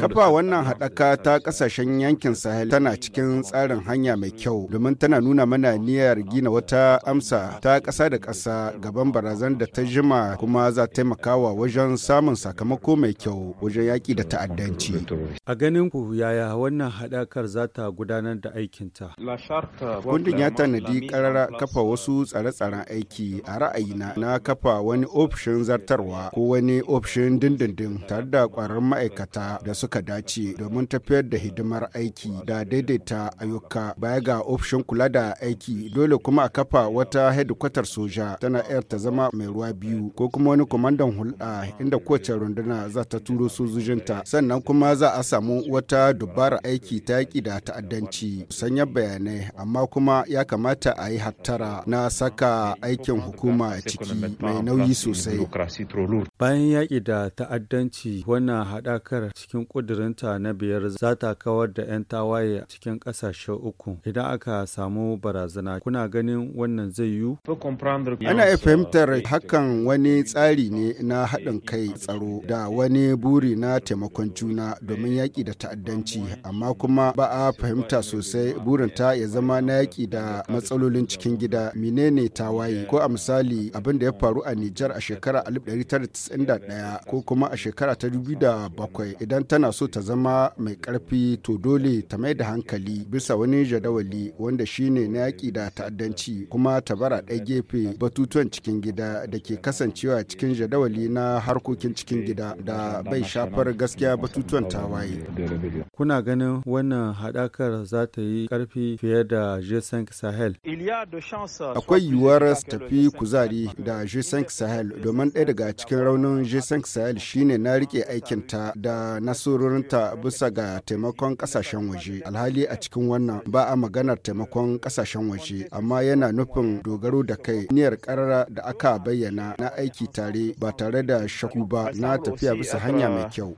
Kafa wannan haɗaka ta ƙasashen yankin Sahel tana cikin tsarin hanya mai kyau domin tana nuna mana niyyar gina wata amsa ta ƙasa da ƙasa gaban barazan da ta jima kuma za taimakawa wajen samun sakamako mai kyau wajen yaƙi da ta'addanci. A ganin ku yaya wannan haɗakar za ta gudanar da aikinta? Kundin ya tanadi ƙarara kafa wasu tsare-tsaren aiki a ra'ayina na kafa wani ofishin zartarwa ko wani ofishin dindindin tare da ƙwararrun ma'aikata ƙasa da suka dace domin tafiyar da hidimar aiki da daidaita ayyuka baya ga ofishin kula da aiki dole kuma a kafa wata hedikwatar soja tana yar ta zama mai ruwa biyu ko kuma wani kwamandan hulɗa inda kowace runduna za ta turo sojojinta sannan kuma za a samu wata dubara aiki ta yaƙi da ta'addanci sanya bayanai amma kuma ya kamata a yi hattara na saka aikin hukuma a ciki mai nauyi sosai bayan yaƙi da ta'addanci wannan haɗakar cikin ƙudurinta na biyar za ta kawar da 'yan tawaye cikin ƙasashe uku idan aka samu barazana kuna ganin wannan zai yiwu ana iya fahimtar hakan wani tsari ne na haɗin kai tsaro da wani buri na taimakon juna domin yaƙi da ta'addanci amma kuma ba a fahimta sosai burin ta ya zama na yaƙi da matsalolin cikin gida menene tawaye ko a misali abin da ya faru a Nijar a shekara 1991 ko kuma a shekara ta 2007 idan tana so ta zama mai ƙarfi to dole ta mai da hankali bisa wani jadawali wanda shine na yaƙi da ta'addanci kuma ta bara ɗaya gefe batutuwan cikin gida da ke kasancewa cikin jadawali na harkokin cikin gida da bai shafar gaskiya batutuwan tawaye. Kuna ganin wannan haɗakar za ta yi ƙarfi fiye da G5 Sahel? Akwai yiwuwar tafi kuzari da G5 Sahel domin ɗaya daga cikin raunin G5 Sahel shine na riƙe aikinta da da nasarorinta bisa ga taimakon kasashen waje alhali a cikin wannan ba a maganar taimakon kasashen waje amma yana nufin dogaro da kai niyyar karara da aka bayyana na aiki tare ba tare da shaku ba na tafiya bisa hanya mai kyau